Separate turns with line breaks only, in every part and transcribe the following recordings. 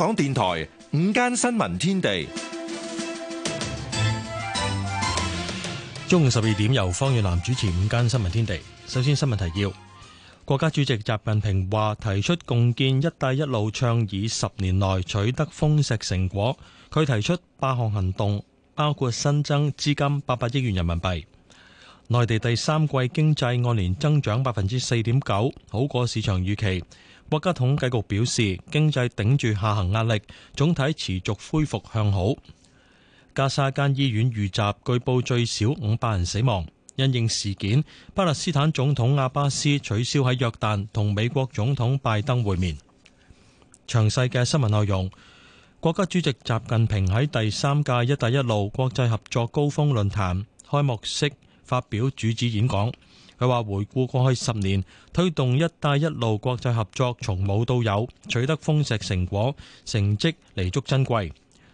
香港電台午間新聞天地，中午十二點由方月南主持午間新聞天地。首先新聞提要：國家主席習近平話提出共建“一帶一路”倡議十年內取得豐碩成果。佢提出八項行動，包括新增資金八百億元人民幣。內地第三季經濟按年增長百分之四點九，好過市場預期。國家統計局表示，經濟頂住下行壓力，總體持續恢復向好。加沙間醫院遇襲，據報最少五百人死亡。因應事件，巴勒斯坦總統阿巴斯取消喺約旦同美國總統拜登會面。詳細嘅新聞內容，國家主席習近平喺第三屆“一帶一路”國際合作高峰論壇開幕式發表主旨演講，佢話回顧過去十年，推動一帶一路國際合作從冇到有，取得豐碩成果，成績彌足珍貴。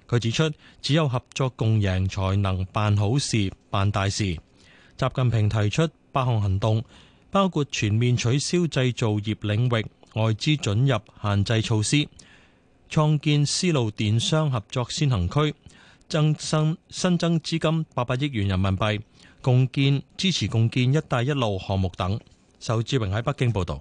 佢指出，只有合作共贏，才能辦好事、辦大事。習近平提出八項行動，包括全面取消製造業領域外資准入限制措施，創建絲路電商合作先行區，增生新增資金八百億元人民幣。共建,支持共建一帶一路項目等,仇志榮喺北京報道。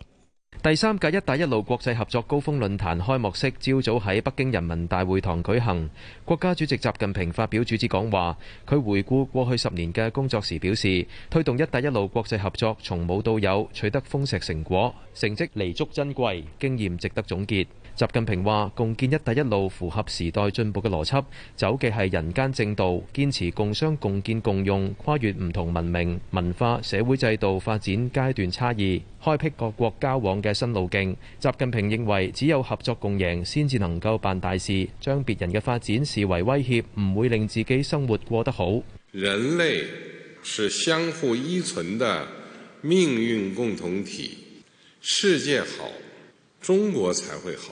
第三屆一帶一路國際合作高峰論壇開幕式,朝早喺北京人民大會堂舉行。國家主席習近平發表主旨講話,佢回顧過去十年嘅工作時表示,推動一帶一路國際合作從冇到有,取得豐碩成果,成績彌足珍貴,經驗值得總結。習近平話：共建“一帶一路”符合時代進步嘅邏輯，走嘅係人間正道，堅持共商共建共用，跨越唔同文明、文化、社會制度發展階段差異，開闢各國交往嘅新路徑，習近平認為，只有合作共贏先至能夠辦大事。將別人嘅發展視為威脅，唔會令自己生活過得好。
人類是相互依存的命運共同體，世界好，中國才會好。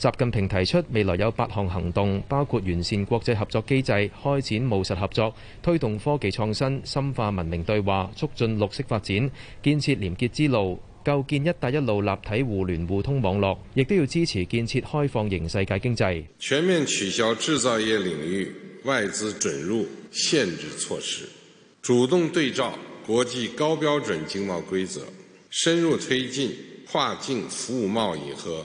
習近平提出未來有八項行動，包括完善國際合作機制、開展務實合作、推動科技創新、深化文明對話、促進綠色發展、建設廉潔之路、構建一帶一路立體互聯互通網絡，亦都要支持建設開放型世界經濟。
全面取消製造業領域外資准入限制措施，主動對照國際高標準經貿規則，深入推進跨境服務貿易和。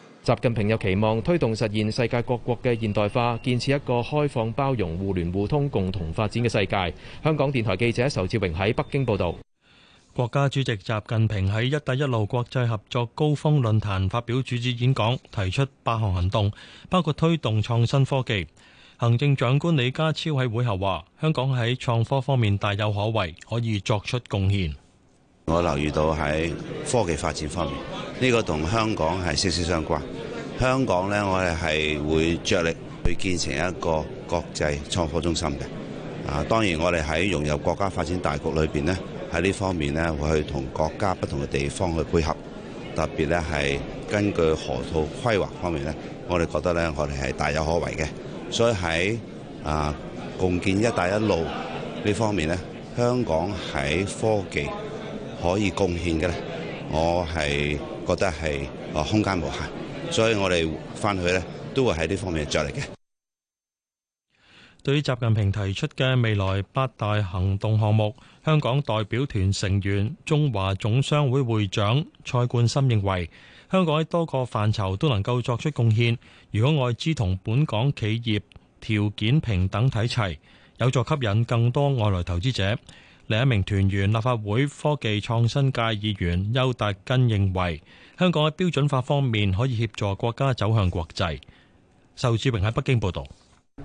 習近平又期望推動實現世界各國嘅現代化，建設一個開放包容、互聯互通、共同發展嘅世界。香港電台記者仇志榮喺北京報道。
國家主席習近平喺一帶一路國際合作高峰論壇發表主旨演講，提出八項行動，包括推動創新科技。行政長官李家超喺會後話，香港喺創科方面大有可為，可以作出貢獻。
我留意到喺科技發展方面，呢個同香港係息息相關。香港咧，我哋係會着力去建成一個國際創科中心嘅。啊，當然我哋喺融入國家發展大局裏邊咧，喺呢方面咧，會去同國家不同嘅地方去配合。特別咧係根據河套規劃方面咧，我哋覺得咧，我哋係大有可為嘅。所以喺啊共建一帶一路呢方面咧，香港喺科技可以貢獻嘅咧，我係覺得係啊空間無限。所以我哋翻去呢，都會喺呢方面着力嘅。
對於習近平提出嘅未來八大行動項目，香港代表團成員、中華總商會會長蔡冠森認為，香港喺多個範疇都能夠作出貢獻。如果外資同本港企業條件平等睇齊，有助吸引更多外來投資者。另一名團員、立法會科技創新界議員邱達根認為，香港喺標準化方面可以協助國家走向國際。仇志榮喺北京報導。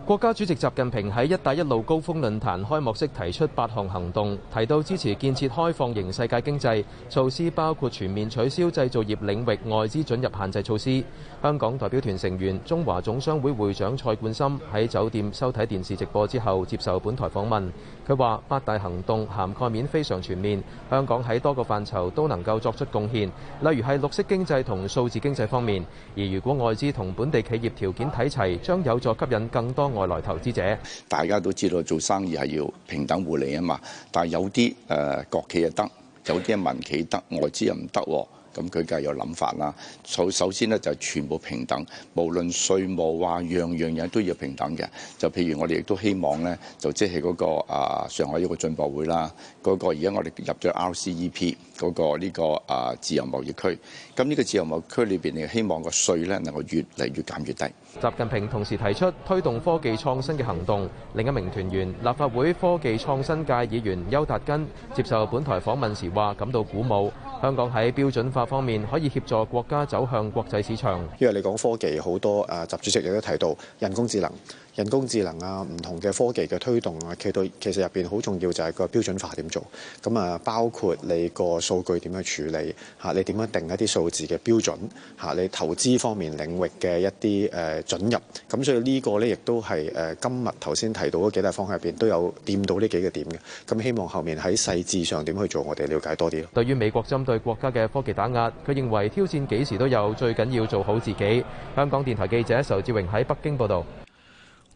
國家主席習近平喺一帶一路高峰論壇開幕式提出八項行動，提到支持建設開放型世界經濟，措施包括全面取消製造業領域外資准入限制措施。香港代表團成員、中華總商會會長蔡冠森喺酒店收睇電視直播之後，接受本台訪問。佢話八大行動涵蓋面非常全面，香港喺多個範疇都能夠作出貢獻，例如係綠色經濟同數字經濟方面。而如果外資同本地企業條件睇齊，將有助吸引更多外來投資者。
大家都知道做生意係要平等互
利啊嘛，但係有啲誒國企又得，有啲民企得，外資又唔得喎。咁佢梗係有諗法啦。首首先呢就全部平等，無論稅務啊，樣樣嘢都要平等嘅。就譬如我哋亦都希望呢，就即係嗰個啊上海一個進博會啦，嗰個而家我哋入咗 RCEP 嗰個呢個啊自由貿易區，咁呢個自由貿易區裏邊，你希望個稅呢能夠越嚟越減越低。
習近平同時提出推動科技創新嘅行動，另一名團員立法會科技創新界議員邱達根接受本台訪問時話感到鼓舞。香港喺標準化方面可以協助國家走向國際市場，
因為你講科技好多，誒習主席亦都提到人工智能、人工智能啊，唔同嘅科技嘅推動啊，其實其實入邊好重要就係個標準化點做。咁啊，包括你個數據點樣處理吓，你點樣定一啲數字嘅標準吓，你投資方面領域嘅一啲誒准入。咁所以呢個咧亦都係誒今日頭先提到嗰幾大方向入邊都有掂到呢幾個點嘅。咁希望後面喺細致上點去做，我哋了解多啲咯。
對於美國針，對國家嘅科技打壓，佢認為挑戰幾時都有，最緊要做好自己。香港電台記者仇志榮喺北京報道，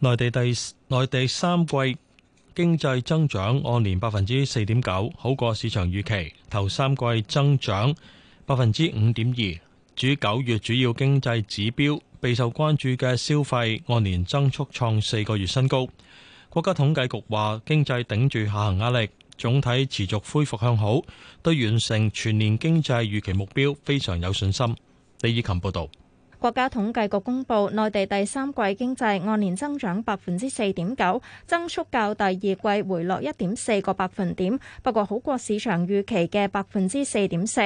內地第內地三季經濟增長按年百分之四點九，好過市場預期。頭三季增長百分之五點二，主九月主要經濟指標備受關注嘅消費按年增速創四個月新高。國家統計局話，經濟頂住下行壓力。總體持續恢復向好，對完成全年經濟預期目標非常有信心。李以琴報道。
國家統計局公布，內地第三季經濟按年增長百分之四點九，增速較第二季回落一點四個百分點，不過好過市場預期嘅百分之四點四。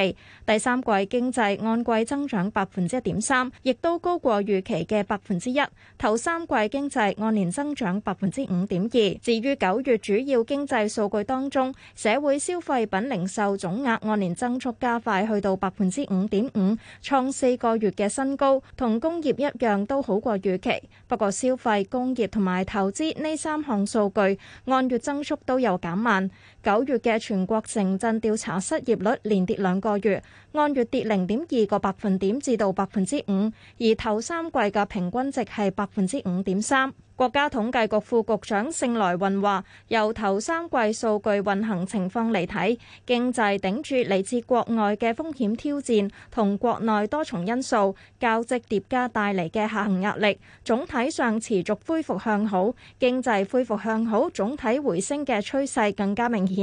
第三季經濟按季增長百分之一點三，亦都高過預期嘅百分之一。頭三季經濟按年增長百分之五點二。至於九月主要經濟數據當中，社會消費品零售總額按年增速加快，去到百分之五點五，創四個月嘅新高。同工業一樣都好過預期，不過消費、工業同埋投資呢三項數據按月增速都有減慢。九月嘅全國城鎮調查失業率連跌兩個月，按月跌零點二個百分點至到百分之五，而頭三季嘅平均值係百分之五點三。國家統計局副局長盛來運話：由頭三季數據運行情況嚟睇，經濟頂住嚟自國外嘅風險挑戰同國內多重因素交織疊加帶嚟嘅下行壓力，總體上持續恢復向好，經濟恢復向好，總體回升嘅趨勢更加明顯。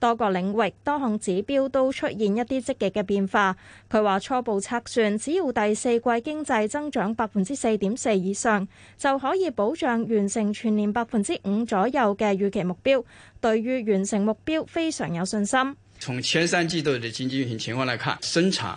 多個領域、多項指標都出現一啲積極嘅變化。佢話初步測算，只要第四季經濟增長百分之四點四以上，就可以保障完成全年百分之五左右嘅預期目標。對於完成目標非常有信心。
從前三季度嘅經濟運行情況來看，生產，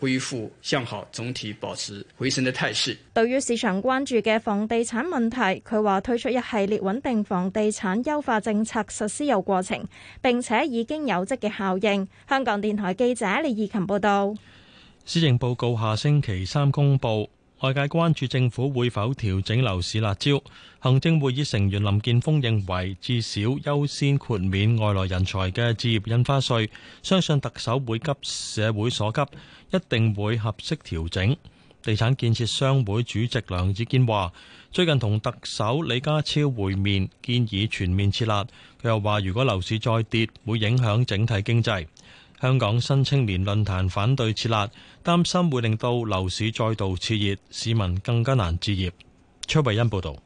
恢復向好，總體保持回升嘅態勢。
對於市場關注嘅房地產問題，佢話推出一系列穩定房地產優化政策，實施有過程，並且已經有積極效應。香港電台記者李義琴報道。
施政報告下星期三公布，外界關注政府會否調整樓市辣招。行政會議成員林健鋒認為，至少優先豁免外來人才嘅置業印花稅，相信特首會急社會所急。一定會合適調整。地產建設商會主席梁志堅話：最近同特首李家超會面，建議全面撤辣。佢又話：如果樓市再跌，會影響整體經濟。香港新青年論壇反對撤辣，擔心會令到樓市再度熾熱，市民更加難置業。崔慧欣報
導。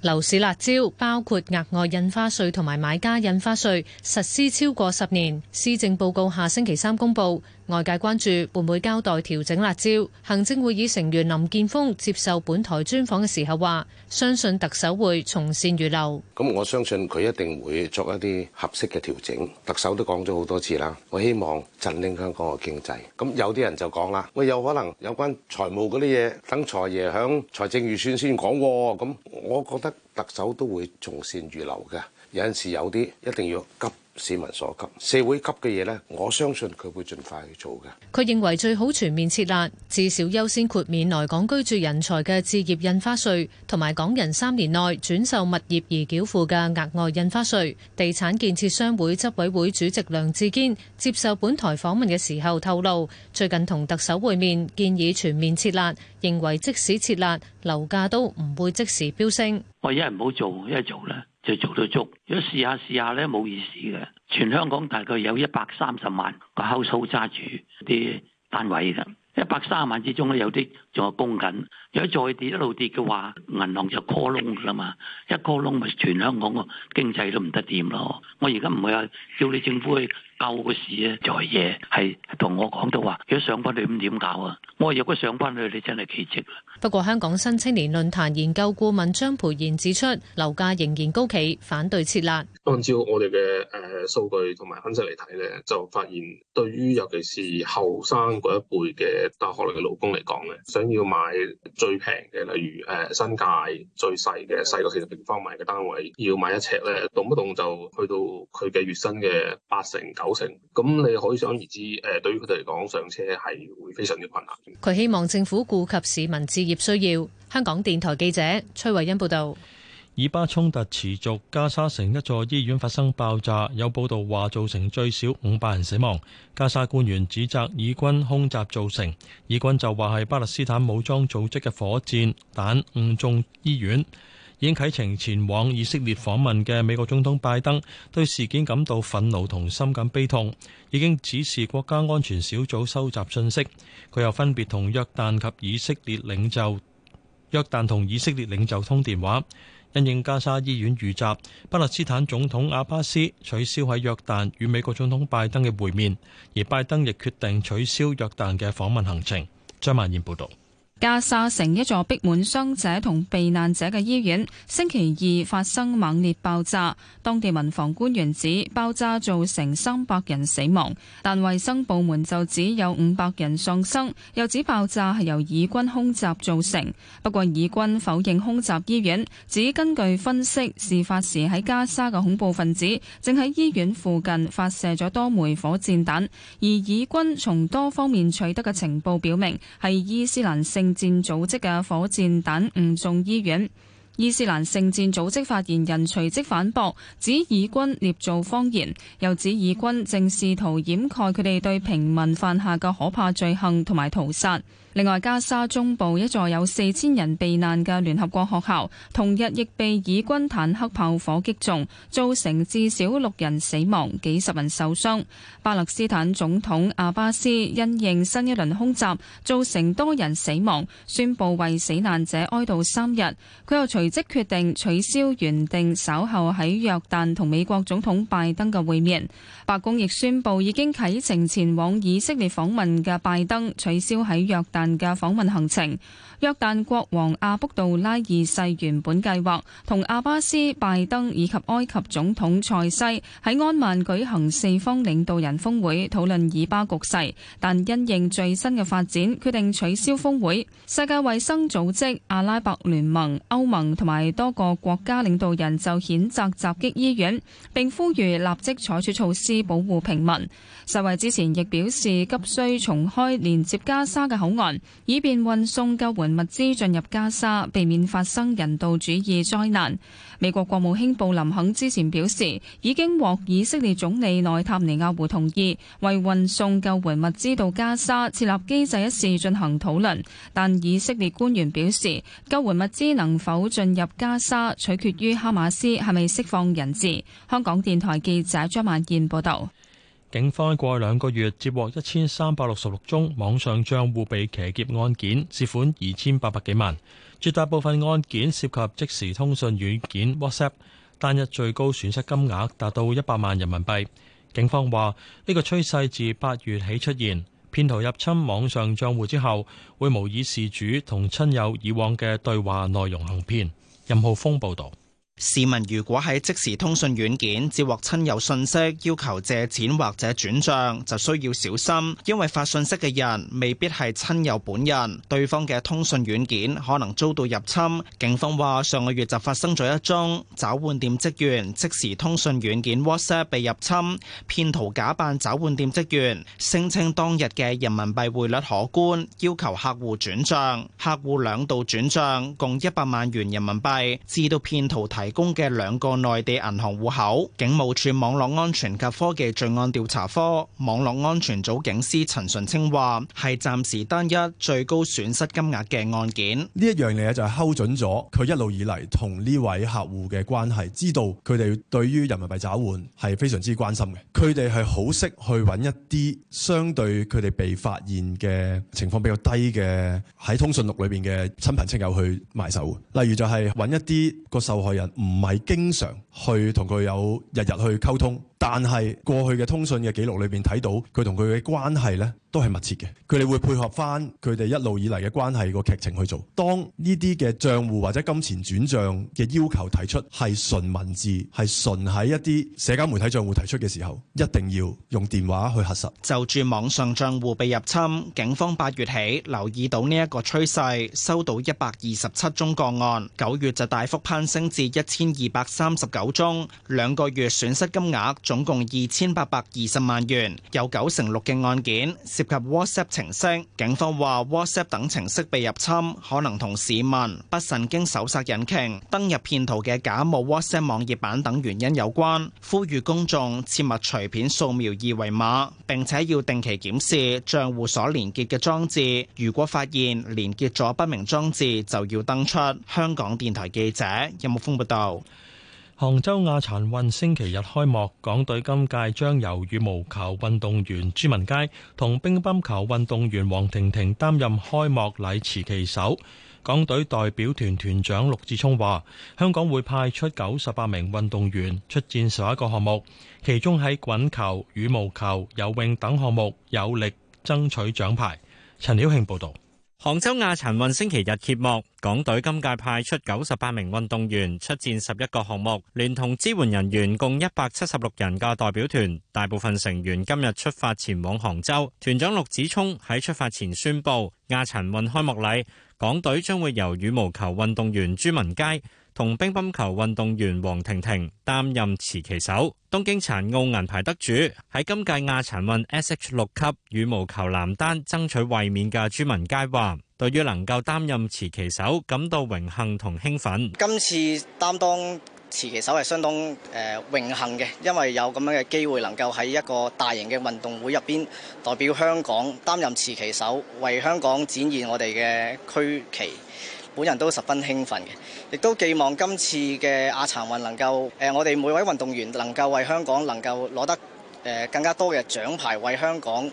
樓市辣椒包括額外印花稅同埋買家印花稅，實施超過十年。施政報告下星期三公佈。外界關注會唔會交代調整辣招？行政會議成員林健鋒接受本台專訪嘅時候話：相信特首會從善如流。
咁我相信佢一定會作一啲合適嘅調整。特首都講咗好多次啦，我希望振興香港嘅經濟。咁有啲人就講啦，喂，有可能有關財務嗰啲嘢等財爺響財政預算先講。咁我覺得特首都會從善如流嘅。有陣時有啲一定要急市民所急，社會急嘅嘢咧，我相信佢會盡快去做嘅。
佢認為最好全面撤辣，至少優先豁免來港居住人才嘅置業印花稅，同埋港人三年內轉售物業而繳付嘅額外印花稅。地產建設商會執委會主席梁志堅接受本台訪問嘅時候透露，最近同特首會面，建議全面撤辣，認為即使撤辣樓價都唔會即時飆升。
我一人唔好做，一做咧。就做到足，如果試下試下咧，冇意思嘅。全香港大概有一百三十萬個 household 揸住啲單位嘅，一百三十萬之中咧，有啲。仲有供緊，如果再跌一路跌嘅話，銀行就窩窿㗎啦嘛，一窩窿咪全香港個經濟都唔得掂咯。我而家唔會啊叫你政府去救個市啊，做嘢係同我講到話，如果上翻你咁點搞啊？我如果上翻去，你真係奇蹟啦。
不過，香港新青年論壇研究顧問張培賢指出，樓價仍然高企，反對設立。
按照我哋嘅誒數據
同埋分析嚟睇咧，就發現對於尤其是後生嗰一輩嘅大學嚟嘅老公嚟講咧，要買最平嘅，例如誒新界最細嘅，細個四十平方米嘅單位，要買一尺咧，動不動就去到佢嘅月薪嘅八成九成。咁你可以想而知，誒對於佢哋嚟講，上車係會非常之困難。
佢希望政府顧及市民置業需要。香港電台記者崔慧欣報道。
以巴衝突持續，加沙城一座醫院發生爆炸，有報道話造成最少五百人死亡。加沙官員指責以軍空襲造成，以軍就話係巴勒斯坦武裝組織嘅火箭彈誤中醫院。已經啟程前往以色列訪問嘅美國總統拜登對事件感到憤怒同深感悲痛，已經指示國家安全小組收集訊息。佢又分別同約旦及以色列領袖約旦同以色列領袖通電話。因應加沙醫院遇襲，巴勒斯坦總統阿巴斯取消喺約旦與美國總統拜登嘅會面，而拜登亦決定取消約旦嘅訪問行程。張曼燕報導。
加沙城一座逼滿傷者同避難者嘅醫院，星期二發生猛烈爆炸。當地民防官員指爆炸造成三百人死亡，但衛生部門就只有五百人喪生，又指爆炸係由以軍空襲造成。不過以軍否認空襲醫院，只根據分析事發時喺加沙嘅恐怖分子正喺醫院附近發射咗多枚火箭彈，而以軍從多方面取得嘅情報表明係伊斯蘭聖戰組織嘅火箭彈誤中醫院。伊斯蘭聖戰組織發言人隨即反駁，指以軍捏造謊言，又指以軍正試圖掩蓋佢哋對平民犯下嘅可怕罪行同埋屠殺。另外，加沙中部一座有四千人避難嘅聯合國學校，同日亦被以軍坦克炮火擊中，造成至少六人死亡、幾十人受傷。巴勒斯坦總統阿巴斯因應新一輪空襲，造成多人死亡，宣布為死難者哀悼三日。佢又隨。隨即決定取消原定稍後喺約旦同美國總統拜登嘅會面，白宮亦宣布已經啟程前往以色列訪問嘅拜登取消喺約旦嘅訪問行程。約旦國王阿卜杜拉二世原本計劃同阿巴斯、拜登以及埃及總統塞西喺安曼舉行四方領導人峰會，討論以巴局勢，但因應最新嘅發展，決定取消峰會。世界衛生組織、阿拉伯聯盟、歐盟同埋多個國家領導人就譴責襲擊醫院，並呼籲立即採取措施保護平民。世衛之前亦表示，急需重開連接加沙嘅口岸，以便運送救援物資進入加沙，避免發生人道主義災難。美國國務卿布林肯之前表示，已經獲以色列總理內塔尼亞胡同意，為運送救援物資到加沙設立機制一事進行討論，但以色列官員表示，救援物資能否進入加沙，取決於哈馬斯係咪釋放人質，香港電台記者張曼燕報道。
警方過去兩個月接獲一千三百六十六宗網上賬戶被騎劫案件，涉款二千八百幾萬。絕大部分案件涉及即時通訊軟件 WhatsApp，單日最高損失金額達到一百萬人民幣。警方話呢個趨勢自八月起出現，騙徒入侵網上賬戶之後，會模擬事主同親友以往嘅對話內容行騙。任浩
峰報道。市民如果喺即時通訊軟件接獲親友信息，要求借錢或者轉賬，就需要小心，因為發信息嘅人未必係親友本人，對方嘅通訊軟件可能遭到入侵。警方話上個月就發生咗一宗找換店職員即時通訊軟件 WhatsApp 被入侵，騙徒假扮找換店職員，聲稱當日嘅人民幣匯率可觀，要求客戶轉賬，客戶兩度轉賬共一百萬元人民幣，至到騙徒提。提供嘅兩個內地銀行戶口，警務處網絡安全及科技罪案調查科網絡安全組警司陳順清話：係暫時單一最高損失金額嘅案件，呢一樣嘢就係睺準咗，佢一路以嚟同呢位客戶嘅關係，知道佢哋對於人民幣找換係非常之關心嘅。
佢哋係好識去揾一啲相對佢哋被發現嘅情況比較低嘅喺通訊錄裏面嘅親朋戚友去埋手，例如就係揾一啲個受害人唔係經常，去同佢有日日去溝通，但係過去嘅通訊嘅記錄裏面睇到，佢同佢嘅關係呢都係密切嘅。佢哋會配合翻佢哋一路以嚟嘅關係個劇情去做。當呢啲嘅賬戶或者金錢轉賬嘅要求提出係純文字，係純喺一啲社交媒體賬戶提出嘅時候，一定要用電話去核實。
就住網上賬戶被入侵，警方八月起留意到呢一個趨勢，收到一百二十七宗個案，九月就大幅攀升至一千二百三十九。中兩個月損失金額總共二千八百二十萬元，有九成六嘅案件涉及 WhatsApp 程式。警方話，WhatsApp 等程式被入侵，可能同市民不慎經搜尋引擎登入騙徒嘅假冒 WhatsApp 網頁版等原因有關。呼籲公眾切勿隨便掃描二維碼，並且要定期檢視賬戶所連結嘅裝置。如果發現連結咗不明裝置，就要登出。香港電台記者任木峰報道。有杭州亞殘運星期日開幕，港隊今屆將
由羽毛球運動員朱文佳同乒乓球運動員黃婷婷擔任開幕禮持旗手。港隊代表團團長陸志聰話：香港會派出九十八名運動員出戰十一個項目，其中喺滾球、羽毛球、游泳等項目有力爭取獎牌。陳曉慶
報道。杭州亞殘運星期日揭幕，港隊今屆派出九十八名運動員出戰十一個項目，連同支援人員共一百七十六人嘅代表團，大部分成員今日出發前往杭州。團長陸子聰喺出發前宣布，亞殘運開幕禮，港隊將會由羽毛球運動員朱文佳同乒乓球運動員黃婷婷擔任持旗手。東京殘奧銀牌得主喺今屆亞殘運 S H 六級羽毛球男單爭取衛冕嘅朱文佳話：，對於能夠擔任持旗手，感到榮幸同興奮。
今次擔當持旗手係相當誒榮幸嘅，因為有咁樣嘅機會能夠喺一個大型嘅運動會入邊代表香港擔任持旗手，為香港展現我哋嘅區旗。本人都十分興奮嘅，亦都寄望今次嘅亞殘運能夠誒，我哋每位運動員能夠為香港能夠攞得誒更加多嘅獎牌，為香港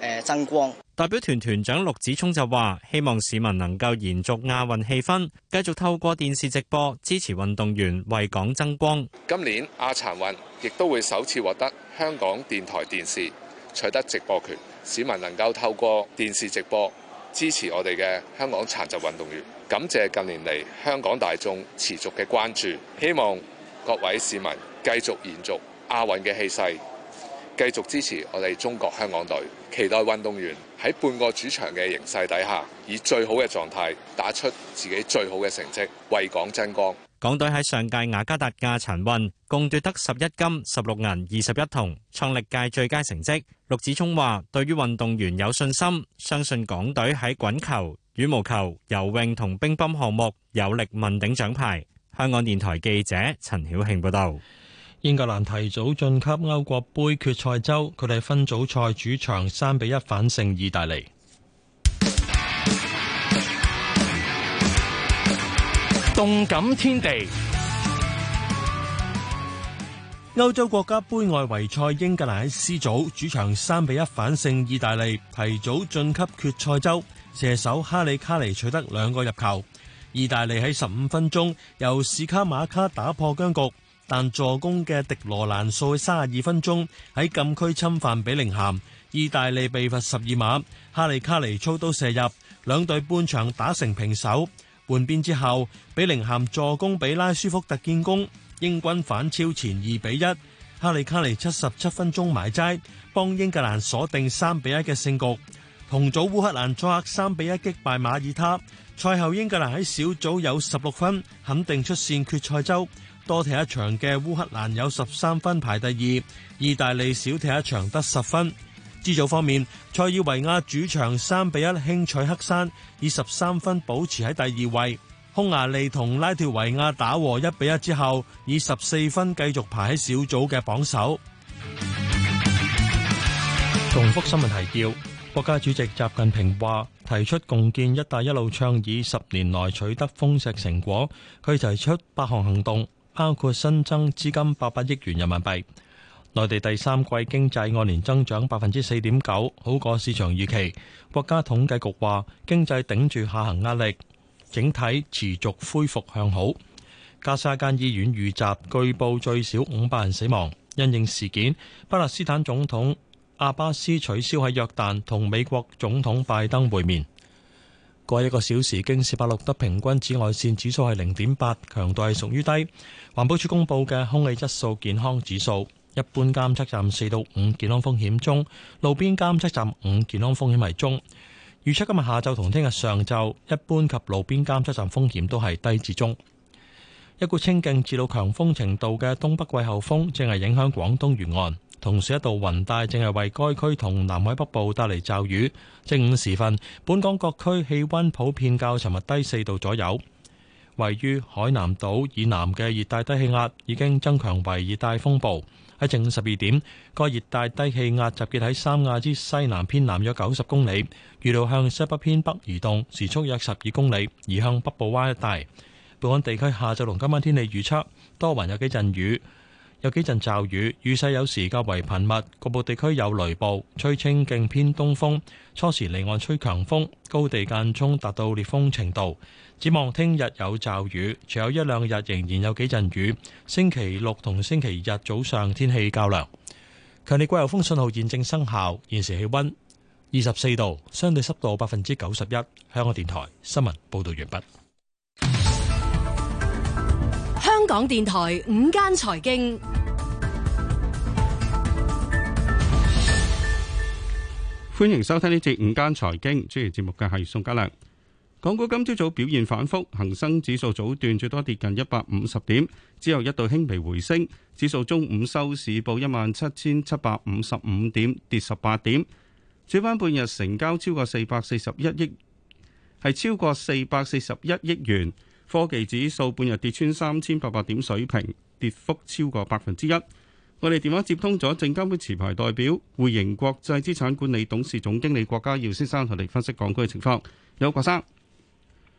誒爭光。
代表團團長陸子聰就話：希望市民能夠延續亞運氣氛，繼續透過電視直播支持運動員為港爭光。
今年亞殘運亦都會首次獲得香港電台電視取得直播權，市民能夠透過電視直播支持我哋嘅香港殘疾運動員。感謝近年嚟香港大眾持續嘅關注，希望各位市民繼續延續亞運嘅氣勢，繼續支持我哋中國香港隊，期待運動員喺半個主場嘅形勢底下，以最好嘅狀態打出自己最好嘅成績，為港增光。
港隊喺上屆雅加達亞殘運共奪得十一金、十六銀、二十一銅，創歷屆最佳成績。陸子聰話：對於運動員有信心，相信港隊喺滾球、羽毛球、游泳同乒乓項目有力問鼎獎牌。香
港電台記者陳曉慶報道：英格蘭提早晉級歐國盃決賽周，佢哋分組賽主場三比一反勝意大利。動感天地。歐洲國家盃外圍賽，英格蘭喺 C 組主場三比一反勝意大利，提早晉級決賽周。射手哈利卡尼取得兩個入球，意大利喺十五分鐘由史卡馬卡打破僵局，但助攻嘅迪羅蘭數去三十二分鐘喺禁區侵犯比靈咸，意大利被罰十二碼，哈利卡尼操刀射入，兩隊半場打成平手。換邊之後，比靈咸助攻比拉舒福特建功，英軍反超前二比一。哈利卡尼七十七分鐘埋齋，幫英格蘭鎖定三比一嘅勝局。同組烏克蘭作客三比一擊敗馬耳他，賽後英格蘭喺小組有十六分，肯定出線決賽周。多踢一場嘅烏克蘭有十三分排第二，意大利少踢一場得十分。支組方面，塞爾維亞主場三比一輕取黑山，以十三分保持喺第二位。匈牙利同拉脫維亞打和一比一之後，以十四分繼續排喺小組嘅榜首。重複新聞提要。國家主席習近平話：提出共建“一帶一路”倡議十年來取得豐碩成果。佢提出八項行，行動，包括新增資金八百億元人民幣。內地第三季經濟按年增長百分之四點九，好過市場預期。國家統計局話，經濟頂住下行壓力，整體持續恢復向好。加沙間醫院遇襲，據報最少五百人死亡。因應事件，巴勒斯坦總統，阿巴斯取消喺約旦同美國總統拜登會面。過一個小時，京士柏錄得平均紫外線指數係零點八，強度係屬於低。環保署公布嘅空氣質素健康指數，一般監測站四到五，健康風險中；路邊監測站五，健康風險係中。預測今日下晝同聽日上晝，一般及路邊監測站風險都係低至中。一股清勁至到強風程度嘅東北季候風正係影響廣東沿岸，同時一度雲帶，正係為該區同南海北部帶嚟驟雨。正午時分，本港各區氣温普遍較尋日低四度左右。位於海南島以南嘅熱帶低氣壓已經增強為熱帶風暴。喺正午十二點，個熱帶低氣壓集結喺三亞之西南偏南約九十公里，預料向西北偏北移動，時速約十二公里，移向北部灣一帶。本港地區下晝同今晚天氣預測多雲有幾陣雨。有幾陣驟雨，雨勢有時較為頻密，局部地區有雷暴。吹清勁偏東風，初時離岸吹強風，高地間中達到烈風程度。展望聽日有驟雨，除有一兩日仍然有幾陣雨，星期六同星期日早上天氣較涼。強烈季候風信號現正生效，現時氣溫二十四度，相對濕度百分之九十一。香港電台新聞報道完畢。
香港電台午間財經，
歡迎收聽呢節午間財經。主持節目嘅係宋嘉良。港股今朝早表現反復，恒生指數早段最多跌近一百五十點，之後一度輕微回升。指數中午收市報一萬七千七百五十五點，跌十八點。撮翻，半日成交超過四百四十一億，係超過四百四十一億元。科技指數半日跌穿三千八百點水平，跌幅超過百分之一。我哋電話接通咗證監會持牌代表匯盈國際資產管理董事總經理郭家耀先生，同你分析港股嘅情況。有郭生，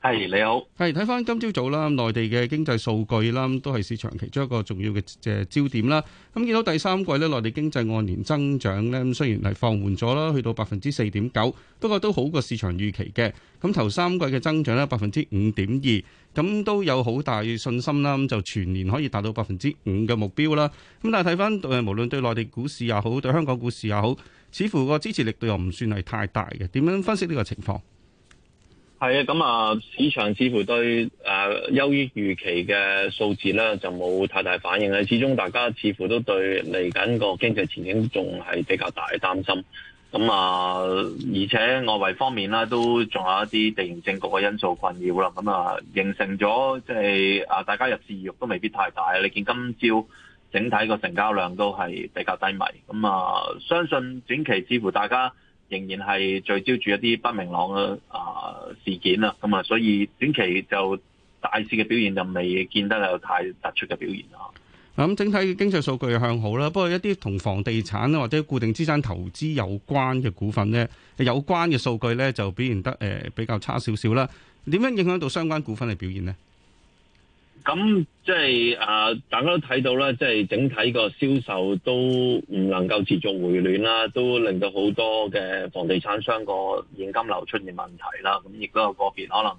係你好，係睇翻今朝早啦，內地嘅經濟數據啦，都係市場其中一個重要嘅焦點啦。咁見到第三季呢，內地經濟按年增長呢，咁雖然係放緩咗啦，去到百分之四點九，不過都好過市場預期嘅。咁頭三季嘅增長呢，百分之五點二。咁都有好大信心啦，就全年可以達到百分之五嘅目標啦。咁但係睇翻誒，無論對內地股市又好，對香港股市又好，似乎個支持力度又唔算係太大嘅。點樣分析呢個情況？
係啊，咁啊，市場似乎對誒優於預期嘅數字咧，就冇太大反應啦。始終大家似乎都對嚟緊個經濟前景仲係比較大嘅擔心。咁啊，而且外圍方面啦都仲有一啲地緣政局嘅因素困擾啦。咁啊，形成咗即係啊，就是、大家入市意欲都未必太大。你見今朝整體個成交量都係比較低迷。咁啊，相信短期似乎大家仍然係聚焦住一啲不明朗嘅啊事件啦。咁啊，所以短期就大市嘅表現就未見得有太突出嘅表現啦。
咁整體嘅經濟數據向好啦，不過一啲同房地產或者固定資產投資有關嘅股份呢，有關嘅數據呢，就表現得誒比較差少少啦。點樣影響到相關股份嘅表現呢？
咁即係啊，呃，大家都睇到啦，即係整體個銷售都唔能夠持續回暖啦，都令到好多嘅房地產商個現金流出現問題啦。咁亦都有個別可能。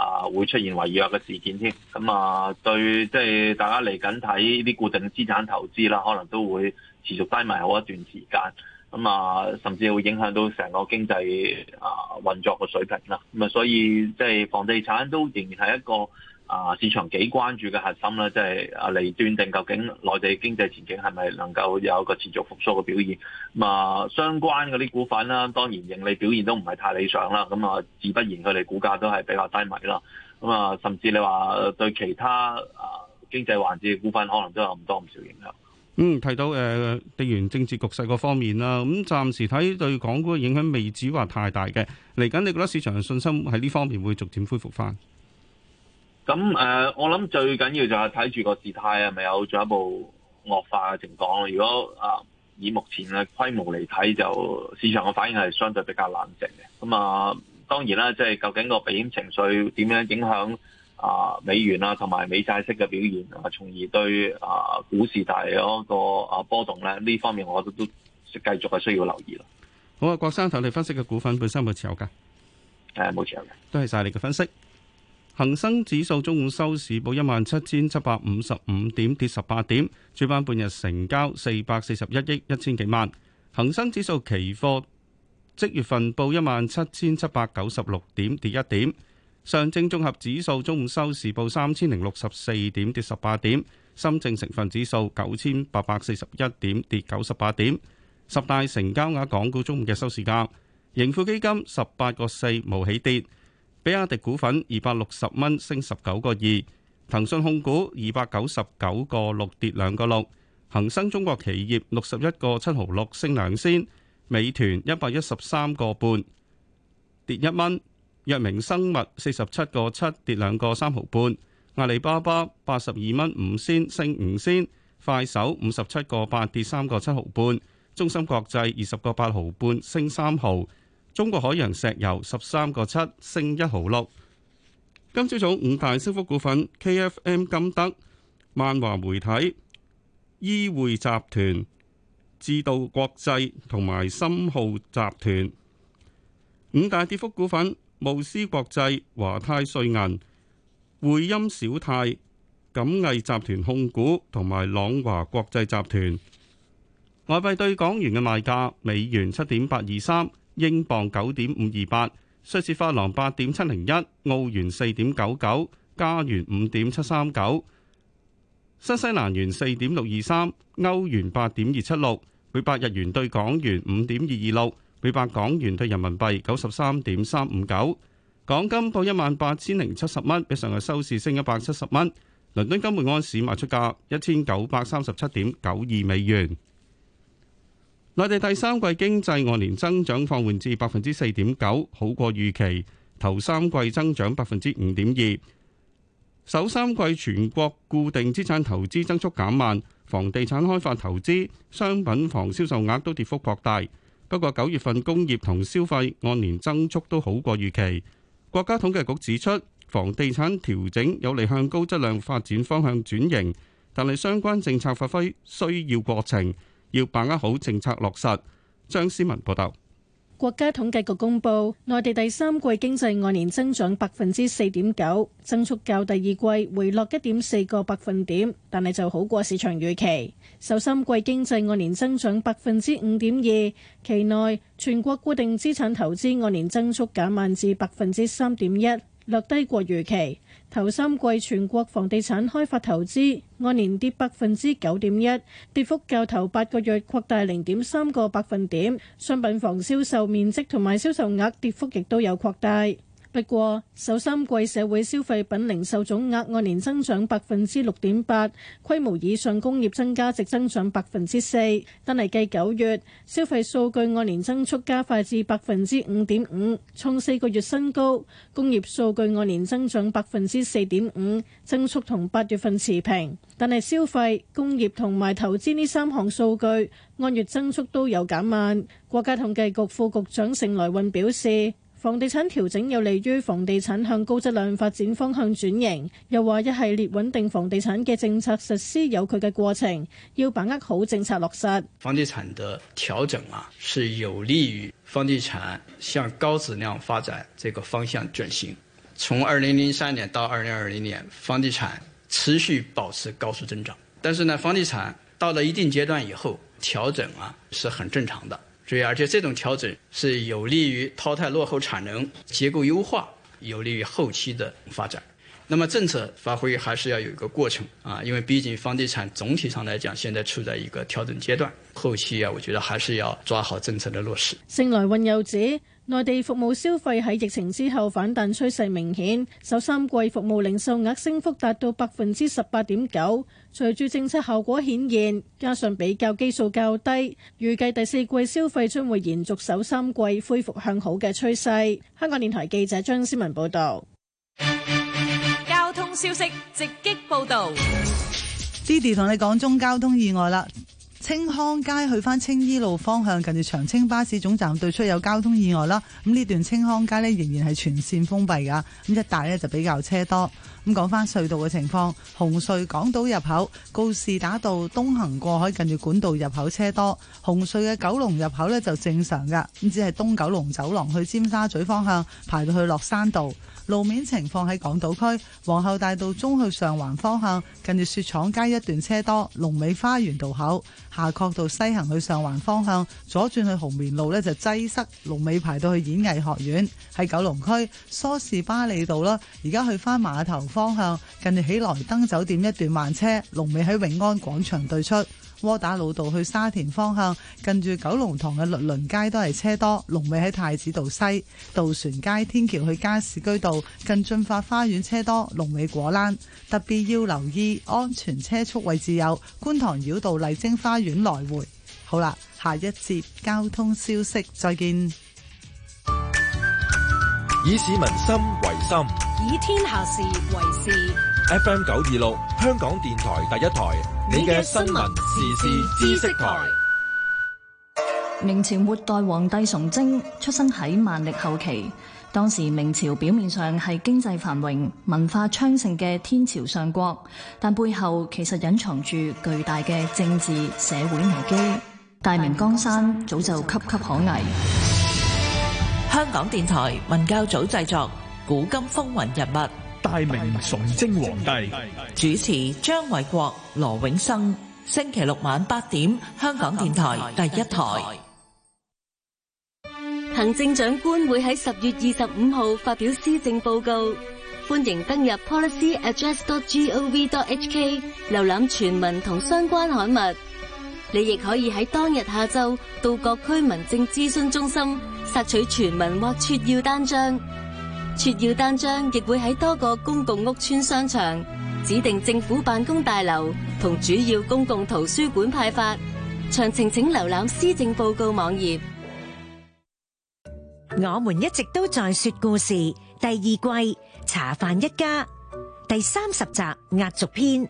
啊，會出現違約嘅事件添，咁啊，對，即係大家嚟緊睇啲固定資產投資啦，可能都會持續低迷好一段時間，咁啊，甚至會影響到成個經濟啊運作嘅水平啦，咁啊，所以即係房地產都仍然係一個。啊，市場幾關注嘅核心咧，即係啊嚟斷定究竟內地經濟前景係咪能夠有個持續復甦嘅表現？咁啊，相關嗰啲股份啦，當然盈利表現都唔係太理想啦。咁啊，自不然佢哋股價都係比較低迷啦。咁啊，甚至你話對其他啊經濟環節嘅股份，可能都有咁多唔少影響。
嗯，提到誒地緣政治局勢嗰方面啦，咁暫時睇對港股嘅影響未至於話太大嘅。嚟緊你覺得市場嘅信心喺呢方面會逐漸恢復返？
咁誒、呃，我諗最緊要就係睇住個事態係咪有進一步惡化嘅情況。如果啊、呃，以目前嘅規模嚟睇，就市場嘅反應係相對比較冷靜嘅。咁啊、呃，當然啦，即係究竟個避險情緒點樣影響啊、呃、美元啦，同埋美債息嘅表現啊，從而對啊、呃、股市大嗰個啊波動咧，呢方面我都都繼續係需要留意咯。
好啊，郭生，頭你分析嘅股份本身冇持有噶，
冇、呃、持有嘅，
多謝晒你嘅分析。恒生指數中午收市報一萬七千七百五十五點，跌十八點。主板半日成交四百四十一億一千幾萬。恒生指數期貨即月份報一萬七千七百九十六點，跌一點。上證綜合指數中午收市報三千零六十四點，跌十八點。深證成分指數九千八百四十一點，跌九十八點。十大成交額港股中午嘅收市價，盈富基金十八個四冇起跌。比亞迪股份二百六十蚊升十九個二，騰訊控股二百九十九個六跌兩個六，恒生中國企業六十一個七毫六升兩仙，美團一百一十三個半跌一蚊，藥明生物四十七個七跌兩個三毫半，阿里巴巴八十二蚊五仙升五仙，快手五十七個八跌三個七毫半，中芯國際二十個八毫半升三毫。中國海洋石油十三個七升一毫六。今朝早五大升幅股份：KFM 金德、萬華媒體、醫匯集團、智道國際同埋深浩集團。五大跌幅股份：慕斯國際、華泰瑞銀、匯鑫小泰、錦藝集團控股同埋朗華國際集團。外幣對港元嘅賣價，美元七點八二三。英鎊九點五二八，瑞士法郎八點七零一，澳元四點九九，加元五點七三九，新西蘭元四點六二三，歐元八點二七六，每百日元兌港元五點二二六，每百港元兌人民幣九十三點三五九。港金報一萬八千零七十蚊，比上日收市升一百七十蚊。倫敦金每盎司賣出價一千九百三十七點九二美元。內地第三季經濟按年增長放緩至百分之四點九，好過預期。頭三季增長百分之五點二，首三季全國固定資產投資增速減慢，房地產開發投資、商品房銷售額都跌幅擴大。不過九月份工業同消費按年增速都好過預期。國家統計局指出，房地產調整有利向高質量發展方向轉型，但係相關政策發揮需要過程。要把握好政策落實。張思文報道，
國家統計局公布內地第三季經濟按年增長百分之四點九，增速較第二季回落一點四個百分點，但係就好過市場預期。首三季經濟按年增長百分之五點二，期內全國固定資產投資按年增速減慢至百分之三點一。略低過預期，頭三季全國房地產開發投資按年跌百分之九點一，跌幅較頭八個月擴大零點三個百分點。商品房銷售面積同埋銷售額跌幅亦都有擴大。不過，首三季社會消費品零售總額按年增長百分之六點八，規模以上工業增加值增長百分之四。但係計九月消費數據按年增速加快至百分之五點五，創四個月新高。工業數據按年增長百分之四點五，增速同八月份持平。但係消費、工業同埋投資呢三項數據按月增速都有減慢。國家統計局副局長盛來運表示。房地產調整有利於房地產向高質量發展方向轉型，又話一系列穩定房地產嘅政策實施有佢嘅過程，要把握好政策落實。
房地產的調整啊，是有利於房地產向高質量發展這個方向轉型。從二零零三年到二零二零年，房地產持續保持高速增長。但是呢，房地產到了一定階段以後，調整啊，是很正常的。所以，而且這種調整是有利於淘汰落後產能、結構優化，有利於後期的發展。那麼，政策發揮還是要有一個過程啊，因為畢竟房地產總體上來講，現在處在一個調整階段，後期啊，我覺得還是要抓好政策的落實。
生來混，又子。內地服務消費喺疫情之後反彈趨勢明顯，首三季服務零售額升幅達到百分之十八點九。隨住政策效果顯現，加上比較基數較低，預計第四季消費將會延續首三季恢復向好嘅趨勢。香港電台記者張思文報道。
交通消息直擊報道。
Didi 同你講中交通意外啦。青康街去翻青衣路方向，近住長青巴士總站對出有交通意外啦，咁呢段青康街呢，仍然係全線封閉噶，咁一帶呢，就比較車多。咁講翻隧道嘅情況，紅隧港島入口、告士打道東行過海近住管道入口車多，紅隧嘅九龍入口呢，就正常噶，咁只係東九龍走廊去尖沙咀方向排到去落山道。路面情況喺港島區皇后大道中去上環方向，近住雪廠街一段車多；龍尾花園道口夏愨道西行去上環方向，左轉去紅棉路呢就擠塞，龍尾排到去演藝學院。喺九龍區梳士巴利道啦，而家去返碼頭方向，近住喜來登酒店一段慢車，龍尾喺永安廣場對出。窩打老道去沙田方向，近住九龍塘嘅律倫街，都係車多，龍尾喺太子道西、渡船街天橋去嘉士居道，近駿發花園車多，龍尾果欄。特別要留意安全車速位置有觀塘繞道麗晶花園來回。好啦，下一節交通消息再見。
以市民
心為心，
以天
下事為事。
FM 九二六，香港電
台第一台，你嘅新聞時事知識台。
明朝末代皇帝崇禎出生喺萬曆後期，當時明朝表面上係經濟繁榮、文化昌盛嘅天朝上國，但背後其實隱藏住巨大嘅政治社會危機，大明江山
早就岌岌可危。香港電台文教組製作《古今風雲人物》。大明崇禎皇帝，主持張衛國、羅永生。星期六晚八點，香港電台第一台。
行政長官會喺十月二十五號發表施政報告，歡迎登入 policyaddress.gov.hk 瀏覽全文同相關刊物。你亦可以喺當日下晝到各區民政諮詢中心索取全文或摘要單張撮要單張亦會喺多個公共屋邨、商場、指定政府辦公大樓同主要公共圖書館派發。詳情請瀏覽施政報告網頁。我們一直都在說故事第二季《茶飯一家》第三十集《壓軸篇》。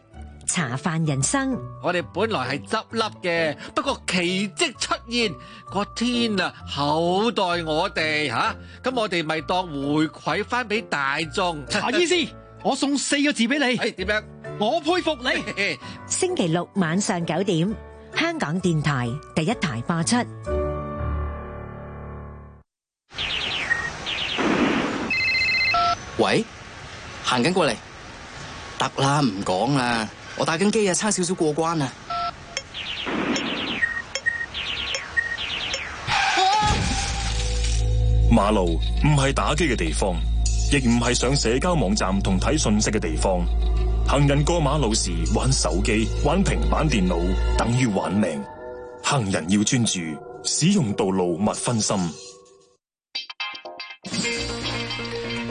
茶飯人生，我哋
本來係執笠嘅，不過奇蹟出現，個天啊厚待我哋吓，咁我哋咪當回饋翻俾大眾。啊，依斯，我送四個字俾你，點樣？我佩服你。
星期六晚上九點，香港電台第一台播出。
喂，行緊過嚟，得啦，唔講啦。我打
緊機啊，差少少過關啊！
馬路唔係打機嘅地方，亦唔係上社交網站同睇信息嘅地方。行人過馬路時玩手機、玩平板電腦，等於玩命。行人要專注，
使用道路勿分心。